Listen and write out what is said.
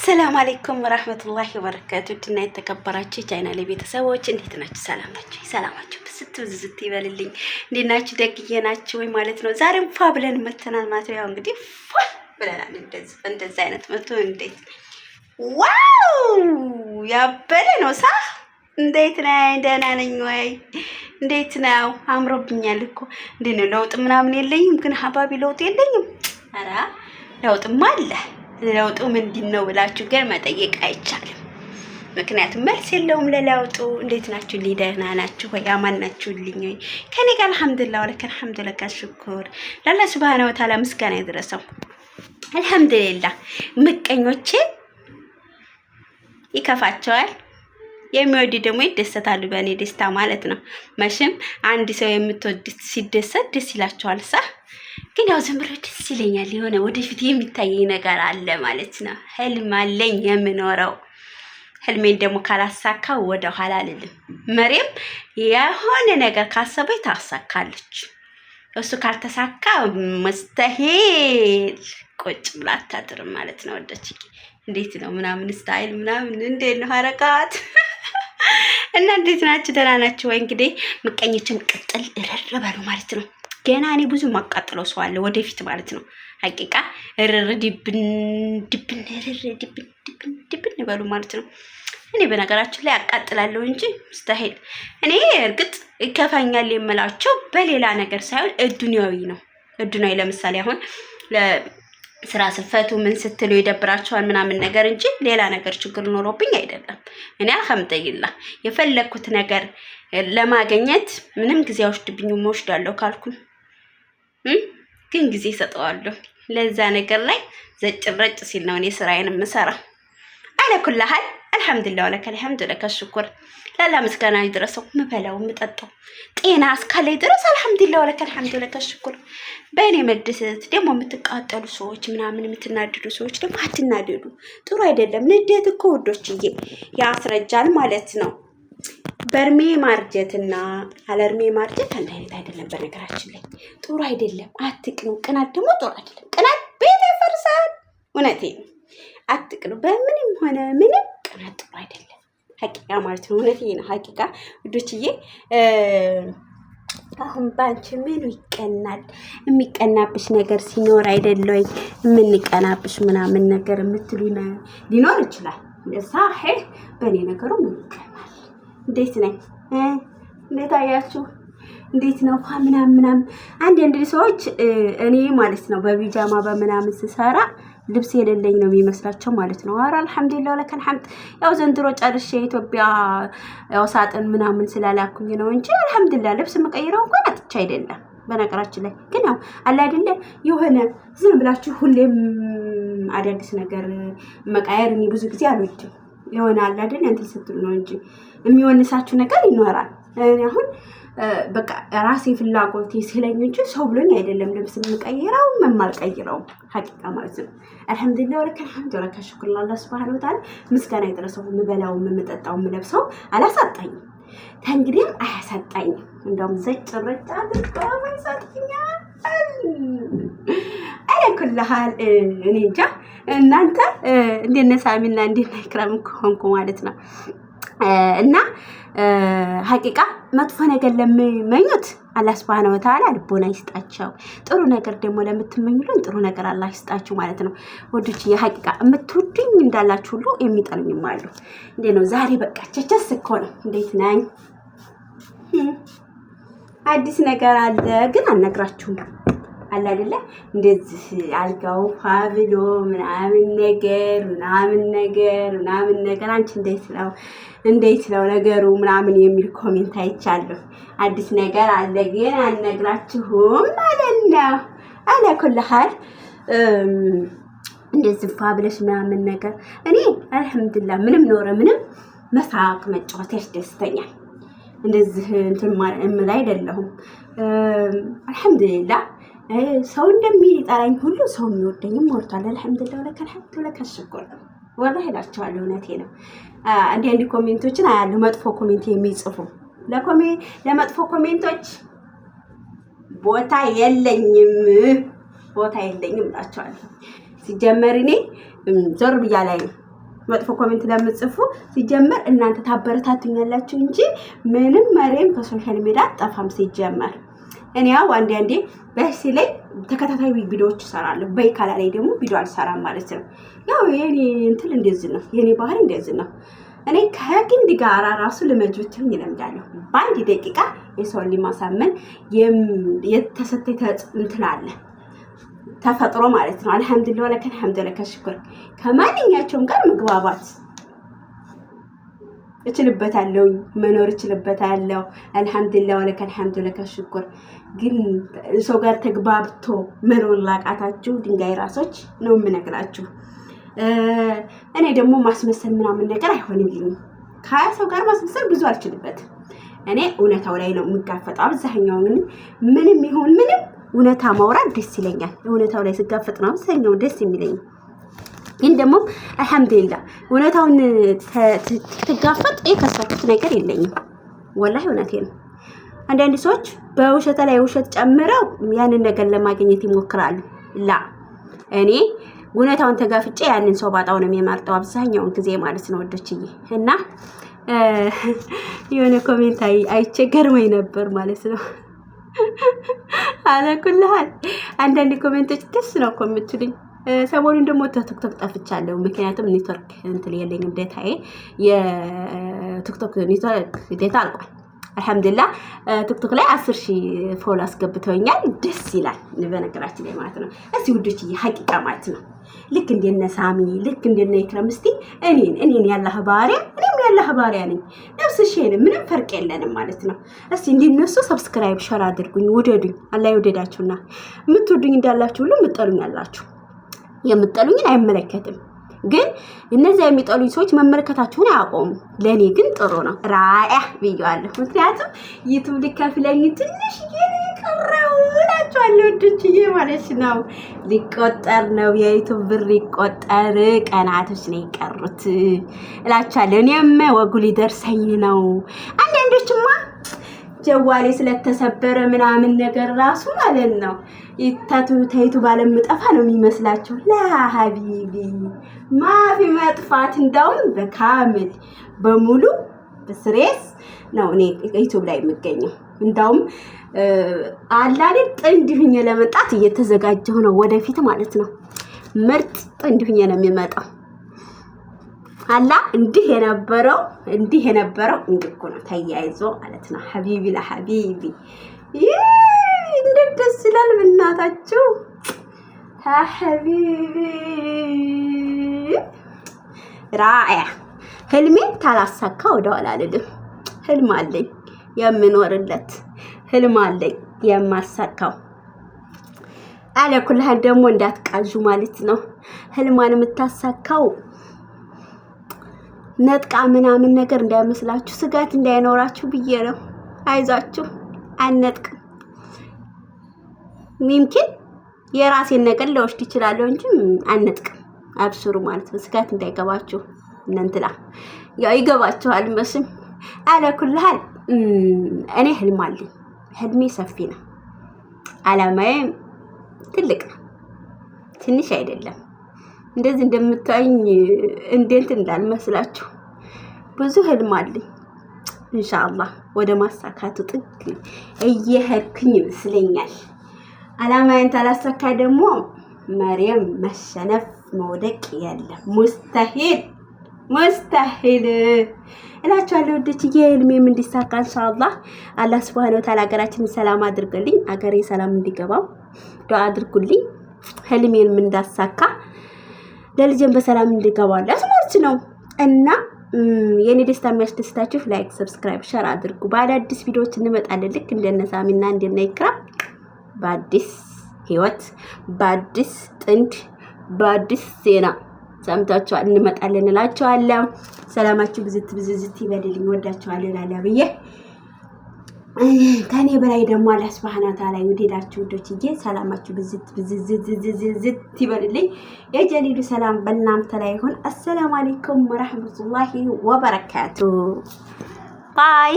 አሰላም አሌይኩም ረህመቱላሂ ወበረካቱ ድና የተከበራችሁ ቻይና ቤተሰቦች እንዴት ናችሁ? ሰላም ናችሁ? ሰላማችሁ ብስት ብዝዝት ይበልልኝ። እንዴት ናችሁ? ደግዬ ናችሁ ወይ ማለት ነው። ዛሬም ፏ ብለን መተናል ማለት ነው። ያው እንግዲህ ፏ ብለናል። እንደዚህ አይነት መቶ እንዴት ዋው ያበለ ነው ሳ እንዴት ነኝ? ደህና ነኝ ወይ? እንዴት ነው? አምሮብኛል እኮ እንዴት ነው? ለውጥ ምናምን የለኝም ግን ሀባቢ ለውጥ የለኝም። ኧረ ለውጥማ አለ ለውጡ ምንድን ነው ብላችሁ ግን መጠየቅ አይቻልም። ምክንያቱም መልስ የለውም ለለውጡ። እንዴት ናችሁ? ደህና ናችሁ ወይ? አማን ናችሁልኝ ወይ? ከኔ ጋር አልሐምዱሊላህ ወለከ አልሐምዱሊላህ ሽኩር ለአላህ ስብሃነ ወተዓላ ምስጋና ይድረሰው። አልሐምዱሊላህ ምቀኞቼ ይከፋቸዋል የሚወድ ደግሞ ይደሰታሉ በእኔ ደስታ ማለት ነው። መቼም አንድ ሰው የምትወድ ሲደሰት ደስ ይላቸዋል ሳ ግን ያው ዝም ደስ ይለኛል። የሆነ ወደፊት የሚታየኝ ነገር አለ ማለት ነው። ህልም አለኝ የምኖረው ህልሜን ደግሞ ካላሳካ ወደኋላ አልልም። መሬም የሆነ ነገር ካሰበች ታሳካለች። እሱ ካልተሳካ መስተሄል ቁጭ ብላ አታድርም ማለት ነው። ወደች እንዴት ነው ምናምን ስታይል ምናምን እንዴት ነው ሀረቃት እና እንዴት ናችሁ? ደህና ናችሁ ወይ? እንግዲህ ምቀኞችን ቅጥል እረር በሉ ማለት ነው። ገና እኔ ብዙ ማቃጥለው ሰው አለ ወደፊት ማለት ነው። ሀቂቃ ርር ድብን ድብን ድብን ድብን ይበሉ ማለት ነው። እኔ በነገራችን ላይ አቃጥላለሁ እንጂ ሙስተሂል እኔ እርግጥ ይከፋኛል የምላቸው በሌላ ነገር ሳይሆን እዱንያዊ ነው። እዱንያዊ ለምሳሌ አሁን ስራ ስፈቱ ምን ስትሉ ይደብራቸዋል ምናምን ነገር እንጂ ሌላ ነገር ችግር ኖሮብኝ አይደለም። እኔ አልሐምድሊላ የፈለግኩት ነገር ለማግኘት ምንም ጊዜ ወስድብኝ ወስዳለሁ ካልኩም ግን ጊዜ ሰጠዋለሁ ለዛ ነገር ላይ ዘጭረጭ ሲል ነው እኔ ስራዬን የምሰራ። አለኩላሃል አልሐምዱላ ወለከ አልሐምዱ ለከ ሽኩር ላላ ምስጋና ይድረሰው። ምበላው ምጠጣው ጤና እስካለኝ ድረስ አልሐምዱላ ወለከ አልሐምዱ ለከ ሽኩር። በእኔ መደሰት ደግሞ የምትቃጠሉ ሰዎች ምናምን የምትናድዱ ሰዎች ደግሞ አትናደዱ፣ ጥሩ አይደለም። ንዴት እኮ ውዶችዬ ያስረጃል ማለት ነው። በእድሜ ማርጀት እና አለእድሜ ማርጀት አንድ አይነት አይደለም። በነገራችን ላይ ጥሩ አይደለም። አትቅኑ። ቅናት ደግሞ ጥሩ አይደለም። ቅናት ቤት ያፈርሳል። እውነቴ ነው። አትቅኑ። በምንም ሆነ ምንም ቅናት ጥሩ አይደለም። ሀቂቃ ማለት ነው። እውነቴ ነው። ሀቂቃ ውዶችዬ አሁን ባንቺ ምኑ ይቀናል? የሚቀናብሽ ነገር ሲኖር አይደለ ወይ የምንቀናብሽ ምናምን ነገር የምትሉ ሊኖር ይችላል። እሳ በእኔ ነገሩ ምን እንዴት ነኝ? እንዴት አያችሁ? እንዴት ነው ኳ ምናምን ምናምን። አንድ እንግዲህ ሰዎች እኔ ማለት ነው በቢጃማ በምናምን ስሰራ ልብስ የሌለኝ ነው የሚመስላቸው ማለት ነው። ኧረ አልሐምዱሊላህ ወለከል ሐምድ። ያው ዘንድሮ ጨርሼ የኢትዮጵያ ያው ሳጥን ምናምን ስላላኩኝ ነው እንጂ አልሐምዱሊላህ ልብስ መቀይረው እንኳን አጥቻ አይደለም። በነገራችን ላይ ግን ያው አለ አይደለ የሆነ ዝም ብላችሁ ሁሌም አዳዲስ ነገር መቃየር እኔ ብዙ ጊዜ አልወድም። ይሆናል አይደል? እንትን ስትል ነው እንጂ የሚወንሳችሁ ነገር ይኖራል። እኔ አሁን በቃ ራሴ ፍላጎቴ ሲለኝ እንጂ ሰው ብሎኝ አይደለም ልብስ የምቀይረው የማልቀይረውም ሀቂቃ ማለት ነው። አልሐምዱሊላህ ወለከል ሐምድ ወለከል ሹክር ለአላህ ሱብሓነሁ ወተዓላ ምስጋና ይድረሰው። የምበላው የምጠጣው የምለብሰው አላሳጣኝም፣ ከእንግዲህም አያሳጣኝም። እንደውም ዘጭ ረጭ አድርገው አይሰጥኛል። አለኩልሃል እኔ እንጃ እናንተ እንደነ ሳሚና እንደነ ኢክራም ከሆንኩ ማለት ነው። እና ሀቂቃ መጥፎ ነገር ለምመኙት አላህ ሱብሃነሁ ወተዓላ ልቦና ይስጣቸው። ጥሩ ነገር ደግሞ ለምትመኙልን ጥሩ ነገር አላህ ይስጣችሁ ማለት ነው። ወዶች የሀቂቃ የምትወዱኝ እንዳላችሁ ሁሉ የሚጠሉኝም አሉ። እንዴ ነው ዛሬ በቃ ቸቸስ እኮ ነው። እንዴት ነኝ? አዲስ ነገር አለ ግን አልነግራችሁም። አለ አይደለ? እንደዚህ አልጋው ፋብሎ ምናምን ነገር ምናምን ነገር ምናምን ነገር አንቺ እንዴት ነው እንዴት ነው ነገሩ ምናምን የሚል ኮሜንት አይቻለሁ። አዲስ ነገር አለ ግን አልነግራችሁም ማለት ነው። አለ ኩልሃል እንደዚህ ፋብለሽ ምናምን ነገር እኔ አልሐምዱሊላህ ምንም ኖረ ምንም መሳቅ መጫወት ያስደስተኛል። እንደዚህ እንትን አይደለሁም። አልሐምዱሊላህ ሰው እንደሚጠላኝ ሁሉ ሰው የሚወደኝም ሞልቷል። አልሐምዱላ ለከ ልሐምዱ ወላ ሄዳቸዋለሁ። እውነቴ ነው። እንዲ አንዲ ኮሜንቶችን አያሉ መጥፎ ኮሜንት የሚጽፉ ለመጥፎ ኮሜንቶች ቦታ የለኝም፣ ቦታ የለኝም እላቸዋለሁ። ሲጀመር እኔ ዞር ብያ ላይ መጥፎ ኮሜንት ለምጽፉ ሲጀመር እናንተ ታበረታቱኛላችሁ እንጂ ምንም መሬም ከሶሻል ሚዲያ አጠፋም ሲጀመር እኔ ያው አንዴ አንዴ በሲ ላይ ተከታታይ ቪዲዮዎች እሰራለሁ። በይካላ ላይ ደግሞ ቪዲዮ አልሰራም ማለት ነው። ያው የኔ እንትን እንደዚህ ነው፣ የኔ ባህሪ እንደዚህ ነው። እኔ ከግንድ ጋር ራሱ ልመጅብትም ይለምዳለሁ። በአንድ ደቂቃ የሰውን ሊማሳመን የተሰጠ እንትን አለ ተፈጥሮ ማለት ነው። አልሐምዱሊላህ ወለከን ሐምዱ ለከ ሽኩር ከማንኛቸውም ጋር መግባባት እችልበታለሁ፣ መኖር እችልበታለሁ። አልሐምዱሊላህ ወለከ አልሐምዱ ለከ ሽኩር። ግን ሰው ጋር ተግባብቶ መኖር ላቃታችሁ ድንጋይ ራሶች ነው የምነግራችሁ። እኔ ደግሞ ማስመሰል ምናምን ነገር አይሆንልኝም። ከሀያ ሰው ጋር ማስመሰል ብዙ አልችልበትም። እኔ እውነታው ላይ ነው የምጋፈጠው። አብዛኛው ምንም ይሁን ምንም እውነታ ማውራት ደስ ይለኛል። እውነታው ላይ ስጋፈጥ ነው አብዛኛው ደስ የሚለኝ። ግን ደግሞ አልሐምዱሊላ እውነታውን ትጋፈጥ የከሰርኩት ነገር የለኝም። ወላሂ እውነቴ ነው። አንዳንድ ሰዎች በውሸት ላይ ውሸት ጨምረው ያንን ነገር ለማግኘት ይሞክራሉ። ላ እኔ እውነታውን ተጋፍጬ ያንን ሰው ባጣው ነው የሚመርጠው አብዛኛውን ጊዜ ማለት ነው ወዶችዬ እና የሆነ ኮሜንት አይቸገር ገርመኝ ነበር ማለት ነው። አለኩልሃል አንዳንድ ኮሜንቶች ደስ ነው እኮ የምትሉኝ። ሰሞኑን ደግሞ ቲክቶክ ጠፍቻለሁ። ምክንያቱም ኔትወርክ እንትን የለኝም ዴታዬ የቲክቶክ ኔትወርክ ዴታ አልቋል። አልሐምዱላ ቲክቶክ ላይ አስር ሺህ ፎሎ አስገብተውኛል። ደስ ይላል በነገራችን ላይ ማለት ነው። እዚህ ውዶች ሀቂቃ ማለት ነው። ልክ እንደነ ሳሚ ልክ እንደነ ኢክረም እኔን እኔን ያለህ ባሪያ እኔም ያለህ ባሪያ ነኝ። ነፍስ ሼን ምንም ፈርቅ የለንም ማለት ነው። እስቲ እንዲነሱ ሰብስክራይብ ሸር አድርጉኝ፣ ውደዱኝ። አላይ ይውደዳችሁና የምትወዱኝ እንዳላችሁ ሁሉ የምጠሉኝ አላችሁ የምጠሉኝን አይመለከትም። ግን እነዚያ የሚጠሉኝ ሰዎች መመልከታቸውን አያቆሙ። ለእኔ ግን ጥሩ ነው። ራያ ብየዋለሁ። ምክንያቱም ዩቱብ ልከፍለኝ ትንሽ ቀረው እላቸዋለሁ። ወዶችዬ ማለት ነው። ሊቆጠር ነው የዩቱብ ብር ሊቆጠር ቀናቶች ነው የቀሩት እላቸዋለሁ። እኔም ወጉ ሊደርሰኝ ነው። አንዳንዶችማ ጀዋሌ ስለተሰበረ ምናምን ነገር ራሱ ማለት ነው። ይታቱ ተይቱ ባለምጠፋ ነው የሚመስላቸው። ለሀቢቢ ማፊ መጥፋት እንዳውም በካምል በሙሉ ስሬስ ነው እኔ ዩቱብ ላይ የምገኘው። እንዳውም አላዴ ጥንድ ሁኜ ለመጣት እየተዘጋጀሁ ነው፣ ወደፊት ማለት ነው። ምርጥ ጥንድ ሁኜ ነው የሚመጣው። አላ እንዲህ የነበረው እንዲህ የነበረው እንድኩ ነው ተያይዞ ማለት ነው። ሀቢቢ ለሀቢቢ እንዴት ደስ ይላል! ብናታችሁ ሀቢቢ ራእያ ህልሜን ታላሳካ ወደ ኋላ አልልም። ህልም አለኝ የምኖርለት ህልም አለኝ የማሳካው አለኩልህን ደግሞ እንዳትቃዡ ማለት ነው። ህልማን የምታሳካው ነጥቃ ምናምን ነገር እንዳይመስላችሁ፣ ስጋት እንዳይኖራችሁ ብዬ ነው። አይዛችሁ አልነጥቅም። ሚምኪን የራሴን ነገር ለወስድ ይችላለሁ እንጂ አልነጥቅም። አብስሩ ማለት ነው። ስጋት እንዳይገባችሁ እንንትላ ያው ይገባችኋል መስም አለኩልሃል። እኔ ህልም አለኝ። ህልሜ ሰፊ ነው። አላማዬም ትልቅ ነው። ትንሽ አይደለም። እንደዚህ እንደምታዩኝ እንዴት እንዳልመስላችሁ ብዙ ህልም አለኝ። ኢንሻአላህ ወደ ማሳካቱ ጥግ እየሄድኩኝ ይመስለኛል። አላማዬን ታላሳካ ደግሞ መሪየም መሸነፍ መውደቅ ያለ ሙስተሂል ሙስተሂል እላችኋለሁ ወደችዬ ህልሜም እንዲሳካ ኢንሻአላህ አላህ ሱብሃነሁ ወተዓላ ሀገራችን ሰላም አድርገልኝ። አገሬ ሰላም እንዲገባው ዱአ አድርጉልኝ። ህልሜንም እንዳሳካ ለልጄን በሰላም እንድገባለ ማለት ነው እና የእኔ ደስታ የሚያስደስታችሁ ላይክ፣ ሰብስክራይብ፣ ሸር አድርጉ። በአዳዲስ ቪዲዮዎች እንመጣለን። ልክ እንደነ ሳሚና እንደነ በአዲስ ህይወት፣ በአዲስ ጥንድ፣ በአዲስ ዜና ሰምታችኋል። እንመጣለን እላችኋለሁ። ሰላማችሁ ብዝት ብዝዝት ይበልልኝ። ወዳችኋለን አለ ብዬ ከኔ በላይ ደግሞ አላህ ሱብሃነሁ ወተዓላ ይውደዳችሁ ውዶችዬ። ሰላማችሁ ብዝት ብዝዝዝዝዝት ይበልልኝ። የጀሊሉ ሰላም በእናንተ ላይ ይሁን። አሰላሙ አለይኩም ወራህመቱላሂ ወበረካቱ ባይ